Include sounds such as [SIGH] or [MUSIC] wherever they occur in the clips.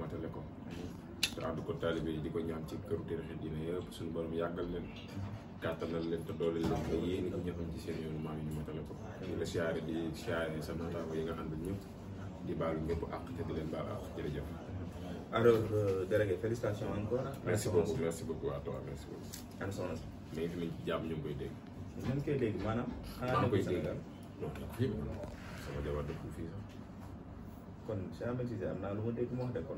matale ko te ànd ko di ko ñaan ci këru tarixa diine yëpp suñu borom yàggal leen kàttanal leen te doole leen ko yéeni ko ñëfam ci seen yoonu maam sa yi nga àndal ñëpp di baalu ñëpp àq te di leen baal àq jërëjëf alors euh, délégué félicitations encore merci beaucoup merci beaucoup à toi merci beaucoup am soxna mais maanaam xanaa koy dégg non fii sax kon Cheikh Ahmed Cissé am naa lu ma dégg mu wax de kon.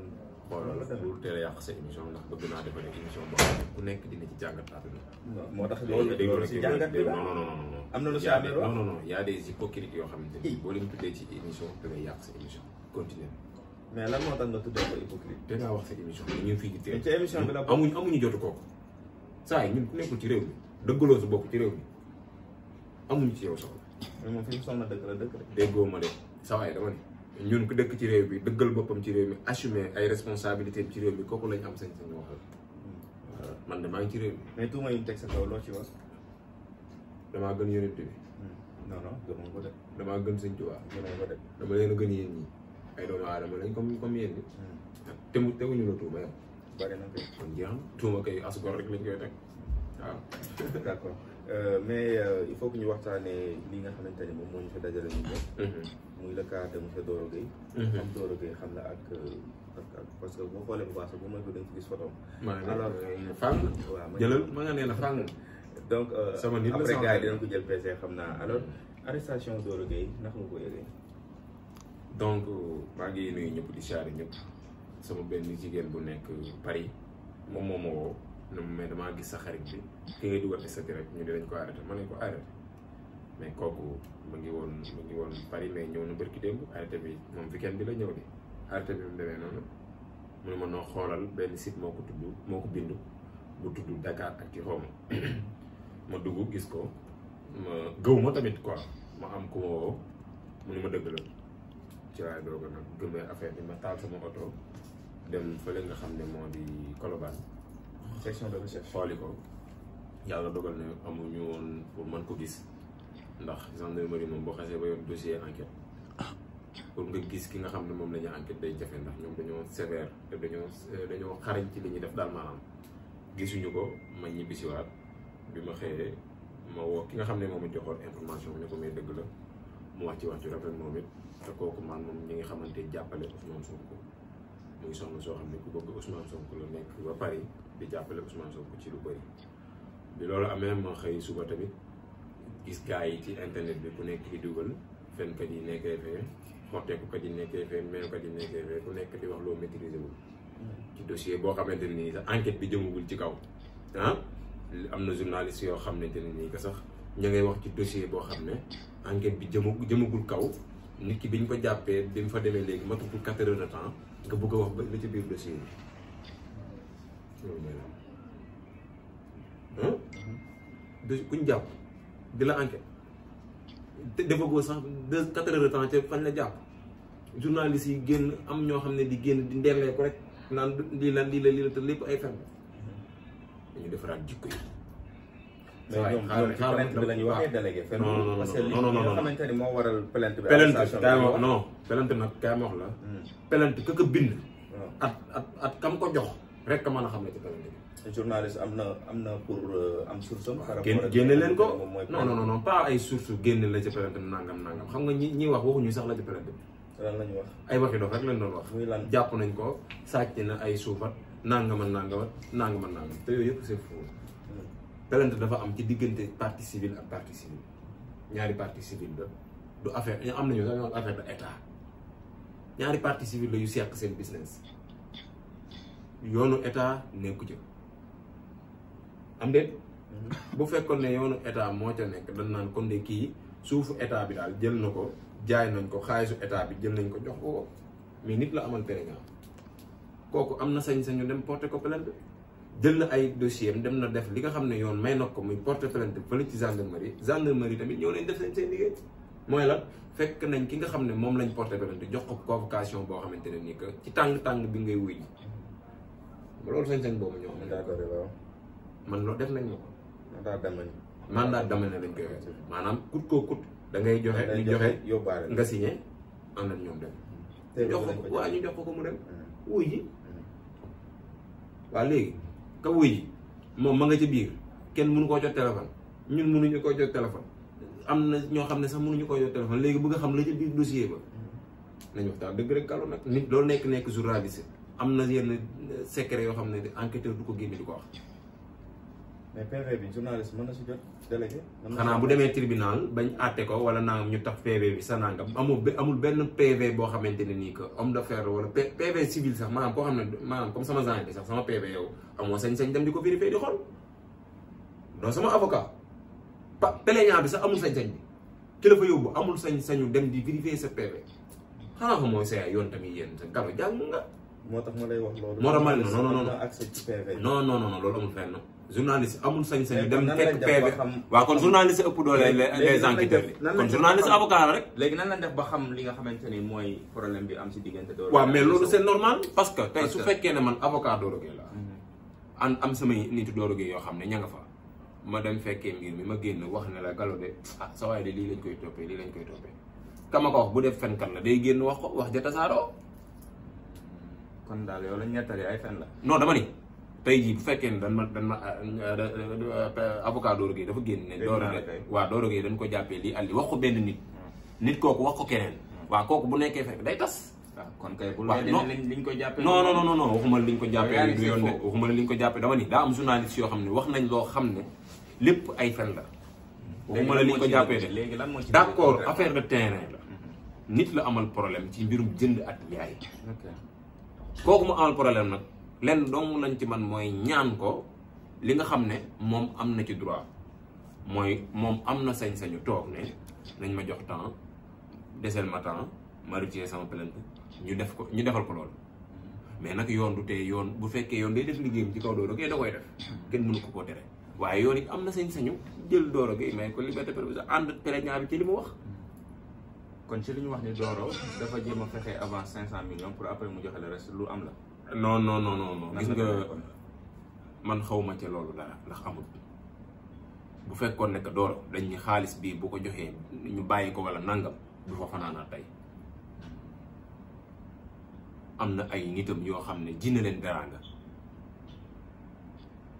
bon loolu pour a yàq sa émission ndax bëgg naa defal émission boo dina ci jàngat àdduna. moo tax loolu si bi la non non non. am na lu si amee non non non yoo xamante ni boo leen tuddee ci émission mais lan moo tax nga tuddee ko hypocrite. da ngaa wax sa émission bi ñu ngi fii di teel. ci émission bi la amuñu jotu kooku. saa yi ñun ku nekkul ci réew mi dëggaloo su bopp ci réew mi amuñu ci yow soxla. mais moom fi mu soxla dëgg la dëgg la. déggoo ma de saa waay ne ñun ku dëkk ci réew bi dëggal boppam ci réew mi assumer ay responsabilités ci réew mi kooku lañ am sañ-sañ waxal man de maa ngi ci réew mi. mais tuuma yi ñu teg sa kaw loo ci wax. damaa gën yonent bi. Hmm. non non gën sëñ Tuubaa. gëmoo dama leen gën yéen ñi ay doomu aadama lañ comme comme yéen ñi. Hmm. te mu teguñu la tuuma yow. bari na kon jeex tuuma kay as gor rek lañ koy teg. waaw [LAUGHS] d'accord euh, mais euh, il faut que ñu waxtaanee li nga xamante ne moom moo ñu fa dajale ñu ñëpp. Mhm. muy le cas de monsieur Doro Gueye. am mhm. Doro xam na ak ak parce que boo xoolee bu baax sax bu may ko dañ ci gis photo alors fàng waaw jëlal ma nga nee na donc euh, sama nit la après gars ko jël xam naa alors mhm. arrestation Doro Gueye ndax ko donc maa ngi nuyu ñëpp di siyaare ñëpp sama benn jigéen bu nekk Paris moom moo ne mais damaa gis sa xarit bi ki ngay dugal statut rek ñu di dañ ko arrêté mën nañ ko arrêté mais kooku mu ngi woon mu ngi woon Paris mais ñëw na bërki démb arrêté bi weekend bi la di arrêté bi mu demee noonu mu ne ma noo xoolal benn site bindu bu tudd Dakar ak ci xawma ma dugg gis ko ma gëw ma tamit quoi ma am ku ma mu ma dëgg la ci laay doog a nag affaire bi ma taal sama dem fële nga xam ne di Colobane section de recherche xooli ko yàlla dogal ne amuñu woon pour mën ko gis ndax gendarmerie moom boo xasee ba yor dossier enquête pour nga gis ki nga xam ne moom la ñuy day jafe ndax ñoom dañoo sévère te dañoo euh, dañoo xarañ ci li ñuy def daal maanaam gisuñu ko ma ñibbisiwaat bi ma xëyee ma woo ki nga xam ne moom it joxoon information ne ko may dëgg la mu wax ci wax ci rafet moom it te kooku man moom ñi nga xamante jàppale Ousmane ko muy soxna soo xam ne ku bëgg son Sonko la nekk ba Paris di jàppale Ousmane ku ci lu bëri bi loolu amee ma xëy suba tamit gis gaa yi ci internet bi ku nekk di dugal fenkat yi nekkee fee xotteekukat yi nekkee fee meewkat yi nekkee fee nekk di wax loo maîtriser ci dossier boo xamante ne nii sax enquête bi jëmagul ci kaw ah am na journaliste yoo xamante ne nii que sax ña ngay wax ci dossier boo xam ne enquête bi jëmu jëmagul kaw nit ki biñ ko jàppee bi mu fa demee léegi matagul quatre heures de temps nga bëgg a wax ba ci biir dossier bi loolu kuñ jàpp di la enquête te defagoo sax deux quatre de temps ca fañ la jàpp journaliste yi génn am ñoo xam ne di génn di ndellee ko rek naan lii la lii la lii la te lépp ay fen ñu defaraat jikko yi mais ñoom ñoom plainte bi la ñuy waxee délégué. non non parce que li nga xamante ni moo waral plainte bi. plainte kaay ma wax non plainte nag kaay ma wax la. Mm. plainte ka ko bind. Ah. at at at kam ko jox rek ka mën a xam ne ci plainte bi. journaliste am na am na pour euh, am source am. génn génne leen ko non non non pas ay source génne la ci plainte bi nangam nangam xam nga ñi ñi wax waxuñu sax la ci plainte bi. lan la ñu wax. ay waxi dof rek lañ doon wax. muy lan jàpp nañ ko sàcc na ay suufat nangaman nangaman nangaman nangam te yooyu yëpp c'est faux pelante dafa am ci digënté parti civil ak parti civil ñaari parti civil do du affaire ñu am nañu sax ñoom affaire de état ñaari parti civil la yu sék seen business yoonu état nekku ci am déet mm-hmm. bu fekkone yoonu état mo ca nek dañ nan kon de ki suufu état bi dal jël nako jaay nañ ko xaalisu état bi jël nañ ko jox ko mais nit la amal pérénal koku am sañ-sañu dem porter ko plainte jël na ay dossier dem na def li nga xam ne yoon may na ko muy porte plainte fële ci gendarmerie gendarmerie tamit ñëw nañ def seen seen liggéey mooy lan fekk nañ ki nga xam ne moom lañ porte plainte jox ko convocation boo xamante ne nii que ci tàng bi ngay wuy ji loolu sañ-sañ boobu xam ne man loolu def nañ ma ko mandat damane lañ koy wax maanaam kut koo kut da ngay joxe ñu joxe nga signé am ak ñoom dem jox ko waa ñu jox ko mu dem mm. wuy ji mm. waa léegi ka wuy moom ma nga ca biir kenn mënu koo jot téléphone ñun mënuñu koo jot téléphone am na ñoo xam ne sax munuñu koo jot téléphone léegi bëgg a xam la ca biir dossier ba nañ waxtaan dëgg rek kàllu nag nit loolu nekk nekk journaliste am na yenn secret yoo xam ne enquêteur du ko génne di ko wax mais PV bi journaliste mën na si jot délégué. xanaa bu demee tribunal bañ àtte ko wala nangam ñu tax PV bi sa nangam amul amul benn PV boo xamante ne nii ko que homme d'affaires wala PV civil sax maa koo xam ne maanaam sama genre bi sax sama PV yow sañ-sañ dem di ko vérifier di xool non sama avocat bi sax amul sañ-sañ bi ki la yóbbu amul sañ-sañu dem di vérifier sa PV xanaa ko mooy sa yoon tamit yéen sa galo jàng nga. moo tax ma lay wax loolu. moo tax ma lay non non non non non non loolu amul fenn. journaliste amul sañ seni, eh, dem tekk PV waaw kon journaliste ëpp doole les enquêteurs yi kon journaliste avocat la rek léegi nan lañ def ba xam li nga xamante ni problème bi am si diggante Doro waaw mais c'est normal parce que tey su fekkee ne man avocat Doro la am mhm. am samay nitu Doro Gueye yoo xam ne ña nga fa ma dem fekkee mbir mi ma génn wax ne la galo de ah sa waay de lii lañ koy toppee lii lañ koy toppee kama ko wax bu def fenkat la day génn wax ko wax kon daal yow lañ ñettali ay fen la non dama ni tey jii bu fekkee ne dañ ma dañ ma ah, ah, ah, avocat Doro Gueye dafa génn ne Doro Gueye waaw Doro dañ ko jàppee lii àlli wax ko benn nit nit kooku wax ko keneen waaw kooku bu nekkee day tas kon kay bu liñ ko jàppee non non non non la ko jàppee du yoon de waxuma la liñ ko jàppee dama ni am journaliste yoo xam ne wax nañ loo xam ne lépp ay fen la waxuma la liñ ko jàppee de d'accord affaire de terrain mm-hmm. nit la amal problème ci mbirum jënd at yaay kooku mu amal problème nag lenn dong lañ ci man mooy ñaan ko li nga xam ne moom am na ci droit mooy moom am na sañ-sañu toog ne nañ ma jox temps desel ma temps ma retiré sama plainte ñu def ko ñu defal ko loolu mais nag yoon du te yoon bu fekkee yoon day def liggéeyam ci kaw Doro Gaye da koy def kenn mënu ko koo tere waaye yoon it am na sañ-sañu jël Doro Gaye may ko liberté provisoire ànd ñaar bi ci li mu wax kon ci li ñu wax ni Doro dafa jéem a fexe avant cinq cent millions pour après mu joxe le lu am noon non non non gis nga man xawma ci loolu dara ndax amul bu fekkoon nekk dooro dañ xaalis bii bu ko joxee ñu bàyyi ko wala nangam du fa fanaanaa tey am na ay nitam yoo xam ne jinne leen daraanga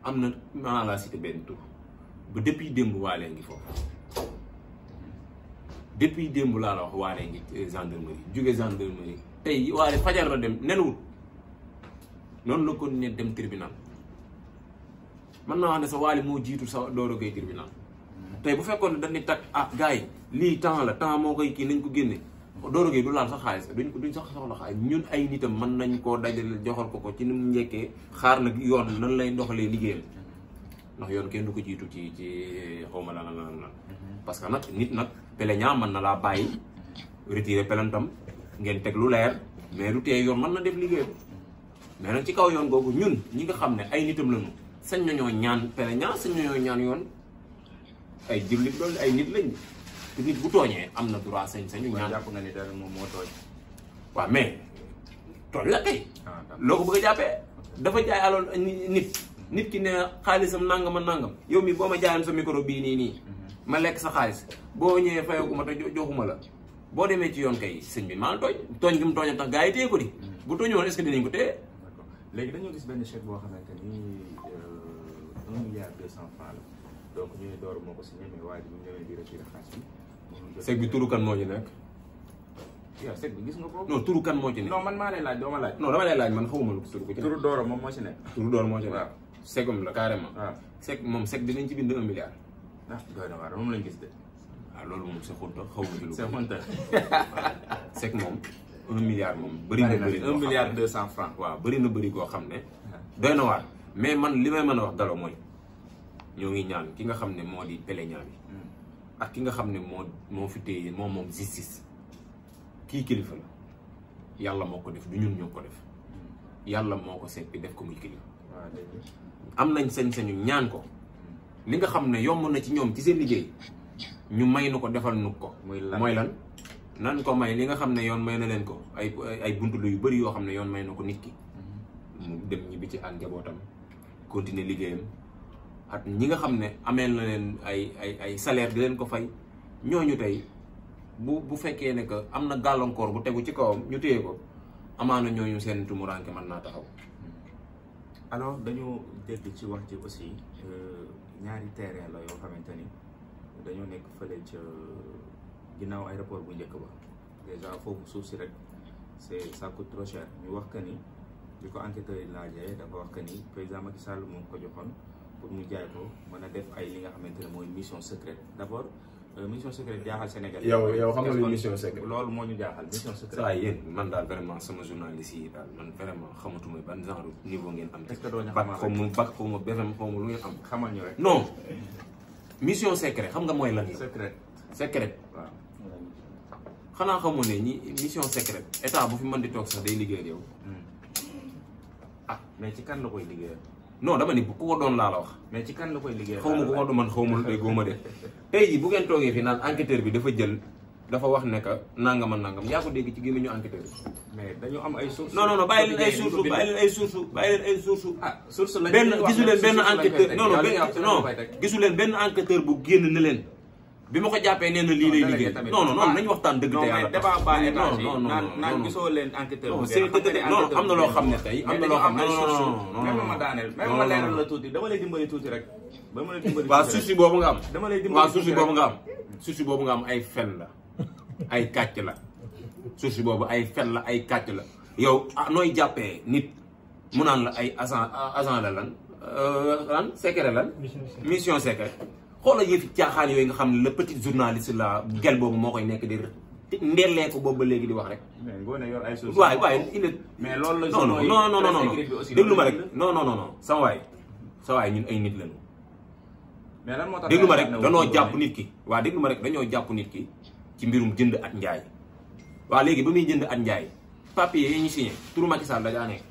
am na maanaam laa cité benn tur ba depuis démb waalee ngi foofu depuis démb laa la wax waalee ngi euh, gendarmerie jóge gendarmerie tey waale fajar la dem nenuwul non la kon ne dem tribunal man na wone sa wali mo jitu sa dooro gay tribunal tay bu fekkone dañ ni tak ah gay li temps la temps mo koy kii nañ ko génne dooro gay du lan sa xaliss duñ duñ sax soxla xay ñun ay nitam man nañ ko dajal joxal ko ko ci ni ñeké xaar nak yoon nan lay doxalee ligéel ndax yoon kenn du ko jitu ci ci xawma la la la parce que nak nit nak pelegna man na la baye retirer pelantam ngeen tek lu leer mais lu tee yoon man na def ligéel mais na ci kaw yoon googu ñun ñi nga xam ne ay nitam lañu sañ nañoo ñaan plaignant sañ nañoo ñaan yoon ay jullit ay nit lañ te nit bu tooñee am na droit sañ-sañu ñaan jàpp moom moo tooñ waaw mais tooñ la kay ah, loo ko bëgg a nit nit ki ne xaalisam nangam a nangam yow mi boo ma jaayoon sa micro bii nii nii mhm. ma lekk sa xaalis boo ñëwee fayaguma te joxuma la boo demee ci yoon kay sëñ bi maa tooñ tooñ gi mu tooña tax gaa yi téye ko di mhm. bu tooñu woon est-ce ko téye léegi dañoo gis benn chèque boo xamante ni euh, un milliard deux cent francs la donc ñu ne Doro moo ko signé mais waaye bi ñu demee di retiré xaalis bi. chèque bi turu kan moo ci nekk. waaw chèque bi gis nga ko. non turu kan moo ci nekk. non man maa lay laaj doo ma laaj. non dama lay laaj man xawuma lu turu ko ci. turu Doro moom moo ci nekk. turu moo ci la carrément. waaw chèque moom chèque dinañ ci bind un milliard. ndax ah, doy na waar moom lañ gis de. waaw ah, loolu moom sa xunta xaw ma ci lu. sa un milliard moom bari na bëri un milliard deux waaw bëri na bëri koo xam ne ah. doy na waar mais man li may mën a wax dalo mooy ñoo ngi ñaan ki nga xam ne moo di plaignant bi hmm. ak ki nga xam ne moo moo fi téye moom moom justice kii kilifa la yàlla moo ko def du ñun ñoo ko def hmm. yàlla moo ko seppi def ko muy kilifa am nañ sañ-sañu ñaan ko hmm. li nga xam ne yomb na ci ñoom ci seen liggéey ñu may nu ko defal nu ko mooy lan nan ko may li nga xam ne yoon may na leen ko ay ay buntu lu yu bëri yoo xam ne yoon may na ko nit ki mm-hmm. mu dem ñibbi ci ak njabootam continuer liggéeyam ak ñi nga xam ne amee na leen ay ay ay salaire di leen ko fay ñooñu tey bu bu fekkee ne que am na gàllankoor bu tegu ci kawam ñu téye ko amaana ñu seen tumuraanke mën naa taxaw. Mm-hmm. alors dañu dégg ci wax ci aussi euh, ñaari terrain la yoo xamante ni dañoo nekk fële ca ginnaaw aéroport bu njëkk ba déjà foofu suuf si rek c'est ça coûte trop ñu wax que ni li ko enquêteurs yi laajee dafa wax que ni président Macky Sall moom ko joxoon pour mu jaay ko mën a def ay li nga xamante ne mooy mission secrète d'abord euh, mission secrète jaaxal Sénégal. yow yow xam nga luy mission secrète loolu moo ñu jaaxal mission saa yéen man daal vraiment sama journaliste yi daal man vraiment xamatuma ban genre niveau ngeen am. est-ce que doo ñu xamal xaw am. xamal ñu rek non mission secrète xam nga mooy lan la. secrète secrète. xanaa xamoo ne ñi mission secrète état bu fi mën di toog sax day liggéeyal yow. Hmm. ah mais ci kan la koy liggéeyal. non dama ni ku ko doon laa la wax. mais ci kan la koy liggéeyal xaw ma ku ko doon man xaw ma lu déggoo ma de. [LAUGHS] tey jii bu ngeen toogee fii naan enquêteur bi dafa jël dafa wax ne que nangam ak nangam yaa ko dégg ci gémmiñu enquêteur bi. mais dañu am ay sources. non non non bàyyi leen ay sources bàyyi leen ay ah, benn gisu leen benn enquêteur non non gisu leen benn enquêteur bu génn na leen. bi ma ko jàppee nee na lii lay liggéey non non non ah. nañu waxtaan dëgg te yàlla non non non gisoo leen enquêteur non am na loo xam ne tey am na loo xam ne non même ma daaneel même ma leeral la tuuti dama lay dimbali tuuti rek ba ma lay [LAUGHS] dimbali waaw suusi boobu nga am dama lay dimbali waaw suusi boobu nga am suusi boobu nga am ay fen la ay kàcc la suusi boobu ay fen la ay kàcc la yow ah, nooy jàppee nit mu naan la ay agent ah, agent la lan euh, lan secret lan mission secret xoolal yëfi caaxaan yooyu nga xam ne le petit journaliste la gel boobu moo koy nekk di ndelee ko boobu ba léegi di wax rek. mais ngoone yor ay sources. waaw waaw il est. mais loolu la non non non non non déglu ma rek non non non non sama waay sa waay ñun ay nit lañu. mais lan moo tax déglu ma rek dañoo jàpp nit ki waaw déglu ma rek dañoo jàpp nit ki ci mbirum jënd ak njaay waaw léegi ba muy jënd ak njaay papier yi ñu signé turu Macky Sall da daa nekk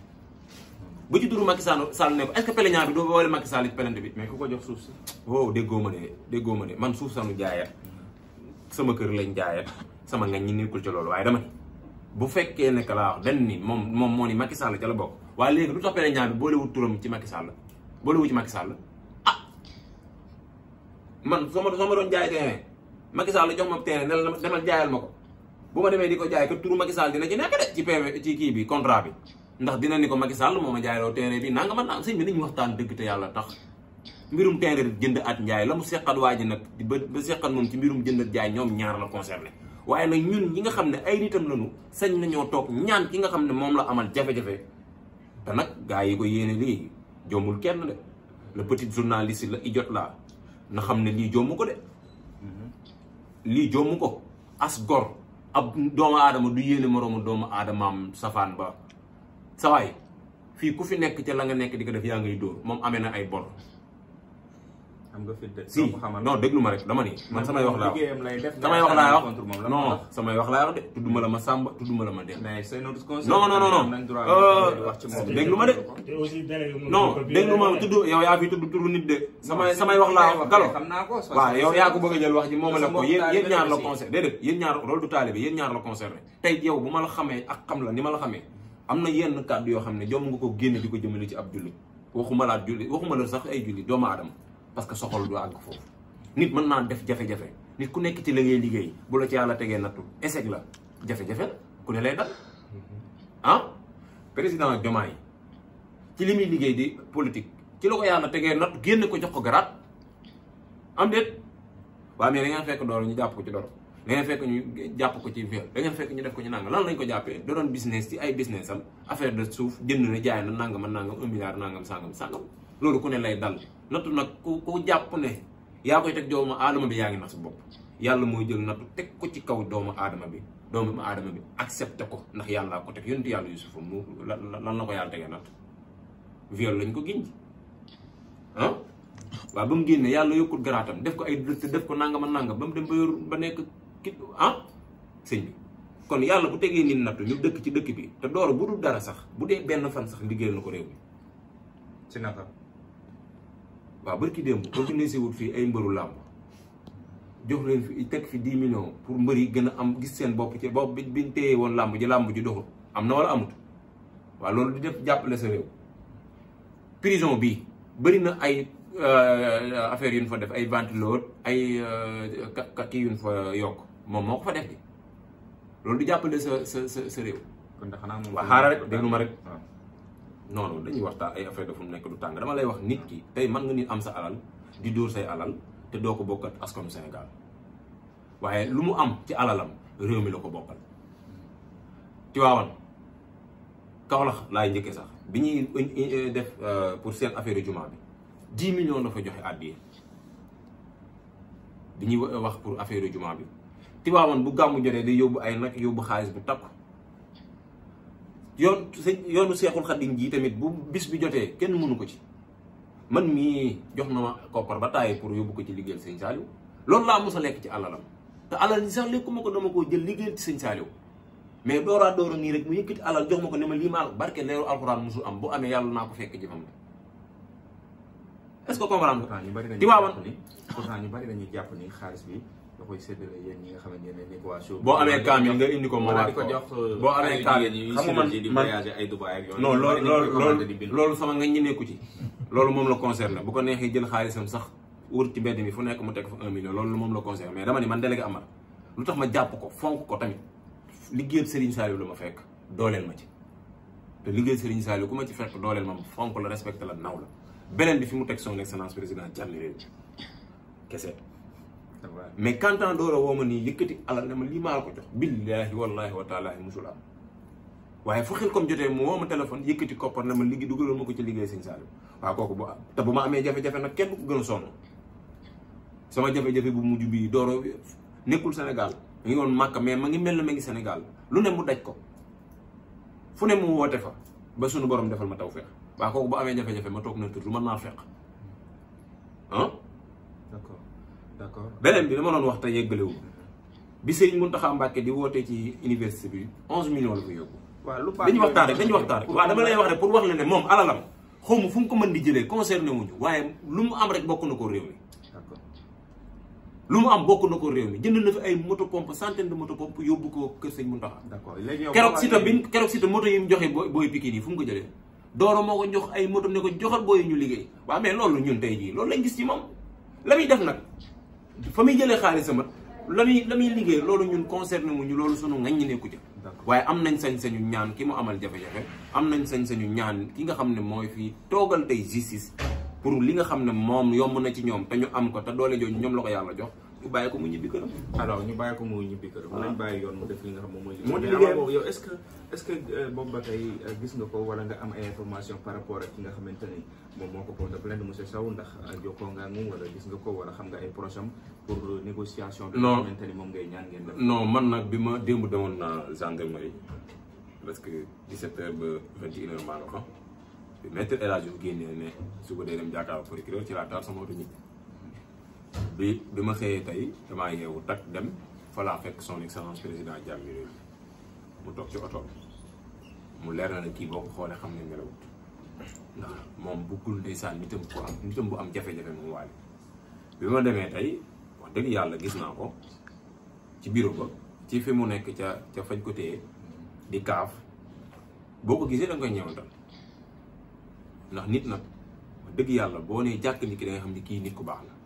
ba ci duru Macky Sall ne ko est-ce que peleñaa bi du boole Macky Sall ci pelente bi mais ku ko jox suuf si wow oh, déggoo ma de déggoo ma de man suuf sanu jaayat sama kër lañ jaayat sama ngañ ñi nekkul ci loolu waaye dama bu fekkee nekk laa wax benn ni moom moom moo ni Macky Sall ca la bokk waaye léegi lu tax peleñaa bi boolewut turam ci Macky Sall boolewu ci Macky Sall ah man soo ma soo ma doon jaay terrain Macky Sall ma terrain ne la demal jaayal ma ko bu ma demee di ko jaay que turu Macky Sall dina ci nekk de ci kii bi contrat bi ndax dina ni ko Macky Sall moma ma jaayloo terrain bi nanga na naa sëñ bi nañu waxtaan dëgg te yalla tax mbirum terrain jënd at njaay lamu mu waji nak ji ba ba seqal ci mbirum jënd at jaay ñom ñaar la concerné waye nak ñun yi nga xam ay nitam lañu sañ nañu tok ñaan ki nga xam mom la amal jafé jafé te nak gaay yi ko yéene li jomul kenn de le petit journaliste la idiot la na xam li lii ko de li jommu ko as gor ab doomu adama du yéene moroomu doomu aadamaam safaan ba saway fi ku fi nek ci la nga nek di def ya ngay dóor mom amena ay bor. am nga fi de si non déglu ma rek dama ni man samay wax la wax samay wax la wax non samay wax la wax de tuduma la ma samba tuduma la ma dem. mais say notice conseil non non non euh, déglu ma de. non déglu ma tudd yow ya fi tuddu turu nit de. samay samay wax la wax galo wa yow ya ko bëgg a jël wax ji moom la ko yeen yéen ñaar la concerné dedet yeen ñaar rôle du taalibe yeen ñaar la concerné tay yow buma la xamé ak xam la ni ma la xamé amna yenn kaddu yo xamne jom nga ko génne di ko ci ab waxuma la jullit waxuma la sax ay jullit doomu adam parce que soxol du ag foofu nit man na def jafé jafé nit ku nekk ci la ngay liggéey bu la ci yalla tegee nattu échec la jafé jafé ku ne lay dal han ah? président jomay ci limi muy liggéey di politique ci lako ko yàlla tegee nattu ko jox ko grat am det wa mais da ngeen fekk door ñu japp ko ci door da ngeen fekk ñu jàpp ko ci ñu def ko ci nangam lan lañ ko jàppee da doon business ci ay business am affaire de suuf jënd na jaay na nangam ak nangam un milliard nangam sangam sangam loolu ku ne lay dal nattu nag ku ku jàpp ne yaa koy teg doomu aadama bi yaa ngi nax sa bopp yàlla mooy jël nattu teg ko ci kaw doomu aadama bi doomu adama bi accepté ko ndax yàllaa ko teg yonentu yàlla Yuusuf mu lan la ko yàlla tegee natt viol lañ ko giñ ah waaw ba mu génne yàlla yokkul garaatam def ko ay dëtt def ko nangam ak nangam ba mu dem ba ki ah sëñ bi kon yàlla bu tegee nit nattu ñu dëkk ci dëkk bi te door bu dul dara sax bu dee benn fan sax liggéeyal na ko réew mi si naka waaw barki démb continuer si wut fii ay mbëru làmb jox leen fi teg fi 10 millions pour mbër yi gën a am gis seen bopp ci bopp bi biñ téye woon làmb ji làmb ji doxul am na wala amut waaw loolu di def jàppale sa réew prison bi bëri na ay euh, affaire yu ñu fa def ay ventilo ay euh, kaki yu ñu fa yokk moom moo ko fa def di loolu du jàppale sa sa sa sa réew. kon de xanaa moom. waaw xaaral rek déglu ma rek. non dañuy waxtaan ay affaire du tang dama lay wax nit ki tay eh, man nga nit am sa alal di dur say alal te doo ko bokkat askan senegal waye lu mu am ci alalam rew mi la ko bokkal. Tiwaawan Kaolack lay ñëkke sax bi ñuy eh, def eh, pour sen affaire juma bi 10 millions dafa joxe àddiya biñi wax pour affaire juma bi. Tiwaawan bu gàmmu jotee day yóbbu ay nag yóbbu xaalis bu takku yoon yoonu seexul xaddim jii tamit bu bis bi jotee kenn mënu ko ci man mii jox na ma koppar ba tàyyi pour yóbbu ko ci liggéeyal sëñ Saaliw loolu laa mos a lekk ci alalam te alal yi sax lekkuma ko dama koo jël liggéeyal ci sëñ Saaliw mais dooraa doora nii rek mu jox ma ko ne ma lii maal barke leeru alxuraan bu amee yàlla naa ko fekk jëfam la est-ce que comprendre nga. Tiwaawan pourtant ñu bari dañuy jàpp ni xaalis bi. da koy séddale yéen ñi nga xamante ne boo amee kaamil nga indi ko ma waat ko boo euh, amee kaamil xam nga man man ay Dubaay ak loolu loolu sama nga ñu nekku ci. loolu moom la concerné bu ko neexee jël xaalisam sax wër ci mbedd mi fu nekk mu teg fa un million loolu moom la concerné mais dama ni man délégué Amar lu tax ma jàpp ko fonk ko tamit liggéeyal Serigne Saliou la ma fekk dooleel ma ci. te liggéey Serigne Saliou ku ma ci fekk dooleel ma fonk la respecté la naw la beneen bi fi mu teg son excellence président jàmm réew kese mais quand on door a woo ma nii yëkkati alal ne ma lii maa ko jox billahi wallahi wa taala musul am fu xel kom jotee mu wo ma téléphone yëkkati koppar na ma liggéey dugaloon ma ko ci liggéey seigne Saliou wa koku bu ta bu ma amee jafe-jafe nag kenn ko gëna sonu sama jafé jafé bu mujj bi doro nekul Sénégal ngi woon mais ma ngi mel ma ngi Sénégal lu ne mu daj ko fu ne mu woote fa ba sunu borom defal ma tawfiq wa koku bu amé jafé jafé ma tok na tuddu man na fekk hein d'accord benen bi dama non wax tay yeggale wu bi Serigne Mountakha mbake di wote ci université bi 11 millions la fa yóbbu. wa lu dañuy waxtaan rek dañuy waxtaan wa dama lay wax rek pour wax la ne mom alalam xomu fu ko mën di jëlee concerné wuñu waye lu mu am rek bokku nako rew mi. lu mu am bokku nako rew mi jënd na fi ay moto pompe centaine de moto pompe yobbu ko ke serigne Mountakha. d'accord léegi yow keroog si bi kérok si moto yi mu joxe boy booy Pikine fu ko jëlee. doro moko jox ay moto ne ko joxal boy ñu liggéey wa mais loolu ñun tay ji loolu lañ gis ci mom lamuy def nak fa muy jëlee xaalisam la muy la muy liggéey loolu ñun concerné mu ñu loolu sunu ngañ nekku ca waaye am nañ sañ-sañu ñaan ki mu amal jafe-jafe am nañ sañ-sañu ñaan ki nga xam ne mooy fii toogal tey justice pour li nga xam ne moom yomb na ci ñoom te ñu am ko te doole jooju ñoom la ko yàlla jox ñu bàyyi ko mu ñibbi këram. ñu bàyyi ko mu ñibbi këram. nañ bàyyi yoon mu def li nga xam moom mooy. mu que est-ce que euh, boobu ba tey euh, ko wala nga am ay information par rapport ak ki nga xamante ni moom moo ko porte plainte monsieur Sow ndax euh, jokkoo nga ko wala xam nga ay projet pour négociation. bi nga xamante ni moom ngay ñaan ngeen man nag bi ma démb demoon naa gendarmerie parce que 17h ba 21h maa nga fa. maître El Hadj Diouf génnee ne suba day dem jàkkaarloo procureur ci laa taal sama oto ñibbi. bi bi ma xëyee tey damaa yeewu takk dem falaa fekk son excellence président Diagne réew mu toog ci oto mu leer na ne kii boo ko xoolee xam ne nelawut ndax moom buggul ndeysaan nitam ko am nitam bu am jafe-jafe moom ma demee tey wax dëgg yàlla gis naa ko ci bureau ba ci fi mu nekk ca ca fañ ko di kaaf boo ko gisee da nga koy ñëwantal ndax nit nag wax dëgg yàlla boo nee jàkk nit ki da xam ne kii nit ku baax na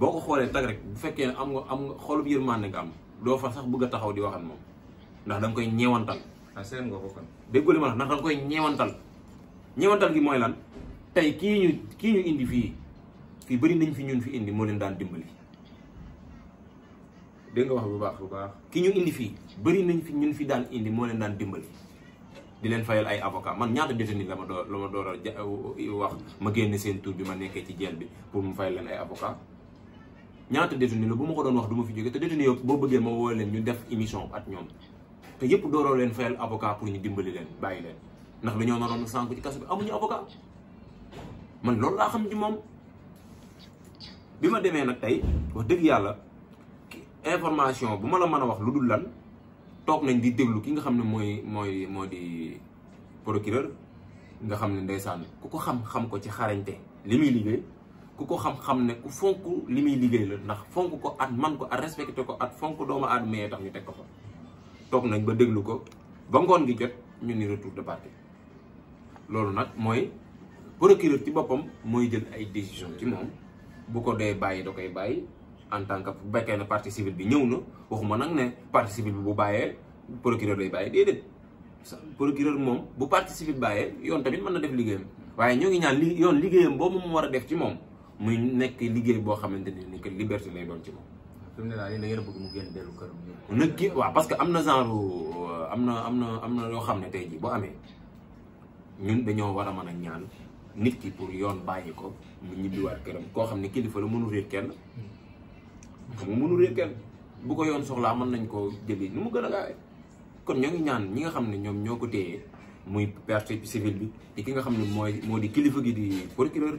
boo ko xoolee tag rek bu fekkee ne am nga am nga xolub yërmande nga am doo fa sax bëgg a taxaw di waxan moom ndax da koy ñeewantal. ah seen nga ko kon. déggoo koy ñeewantal ñeewantal gi mooy lan tey kii ñu indi fii fii bari nañ fi ñun fi indi moo leen daan dimbali. dégg nga wax baax bu baax. ki ñu indi fii bëri nañ fi ñun fi daan indi moo leen daan dimbali di leen fayal ay avocat man ñaata détenu la ma door la ma door a wax ma génn seen tur bi ma nekkee ci jeel bi pour mu fayal leen ay avocat ñaata détenu la bu ma ko doon wax du ma fi jóge te détenu yëpp boo bëggee ma woo leen ñu def émission ak ñoom te yëpp dooroo leen fayal avocat pour ñu dimbali leen bàyyi leen ndax dañoo naroon sànku ci kaso bi amuñu avocat man loolu laa xam ci moom bi ma demee nag tey wax dëgg yàlla information bu ma la mën a wax lu dul lan toog nañ di déglu ki nga xam ne mooy mooy moo di procureur nga xam ne ndeysaan ku ko xam xam ko ci xarañte li muy liggéey ku xam-xam ne ku fonku limi liggey la ndax fonku ko at man ko at respecté ko at fonku dooma at yee tax ñu tek ko fa tok nañ ba déglu ko ba ngon gi jot ñu ni retour de parti lolu nak moy procureur ci bopam moy jël ay décision ci mom bu ko doy baye da koy en tant que na ne civil bi ñëw na waxuma nak ne parti civil bi bu baye procureur doy baye dedet procureur mom bu parti civil baye yon tamit man na def liggéeyam waye ñu ngi ñaan li yoon liggéeyam mu war def ci mom muy nek liguey bo xamanteni ni que liberté lay doon ci mom fi ne daal yéen da bëgg mu génn dellu këram. nag ki waaw parce que amna genre euh, amna amna amna lo xamne tay ji bo amé ñun dañu wara mëna ñaan nit ki pour yoon bayiko mu ñibi war kërëm ko xamne kilifa lu mënu réer kenn. mu mënu réer kenn bu ko yoon soxla mën nañ ko jëli ni mu gëna a kon ñu ngi ñaan ñi nga xamne ñom ñoko téyé muy perte civile bi ki nga xamne moy modi kilifa gi di procureur.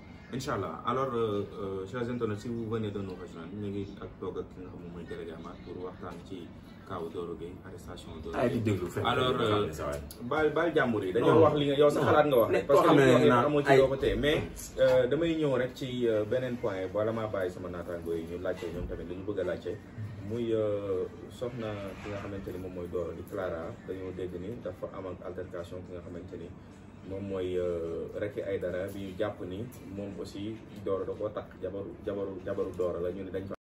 incha allah alors euh, euh, chers internautes si vous venez de nous rejoindre ñu ngi ak toog ak ki nga xam ne mooy délégué Amath pour waxtaan ci kaaw Doro Gueye arrestation Doro ah, Gueye. ay di déglu fekk alors euh, baal baal jàmbur yi. dañoo wax li nga yow sa xalaat nga wax. parce que li nga amoo ci doo ko tee mais damay ñëw rek ci beneen point bala maa bàyyi sama naataangoo yi ñu laajte ñoom tamit li ñu bëgg a laajte. muy soxna ki nga xamante ni moom mooy Doro di Clara dañoo dégg ni dafa am ak altercation ki nga xamante ni. moy mooy euh, ay dara bi ñu jàpp ni mom aussi dooro da ko tak jabaru jabaru jabaru dooro la ñu ni dañ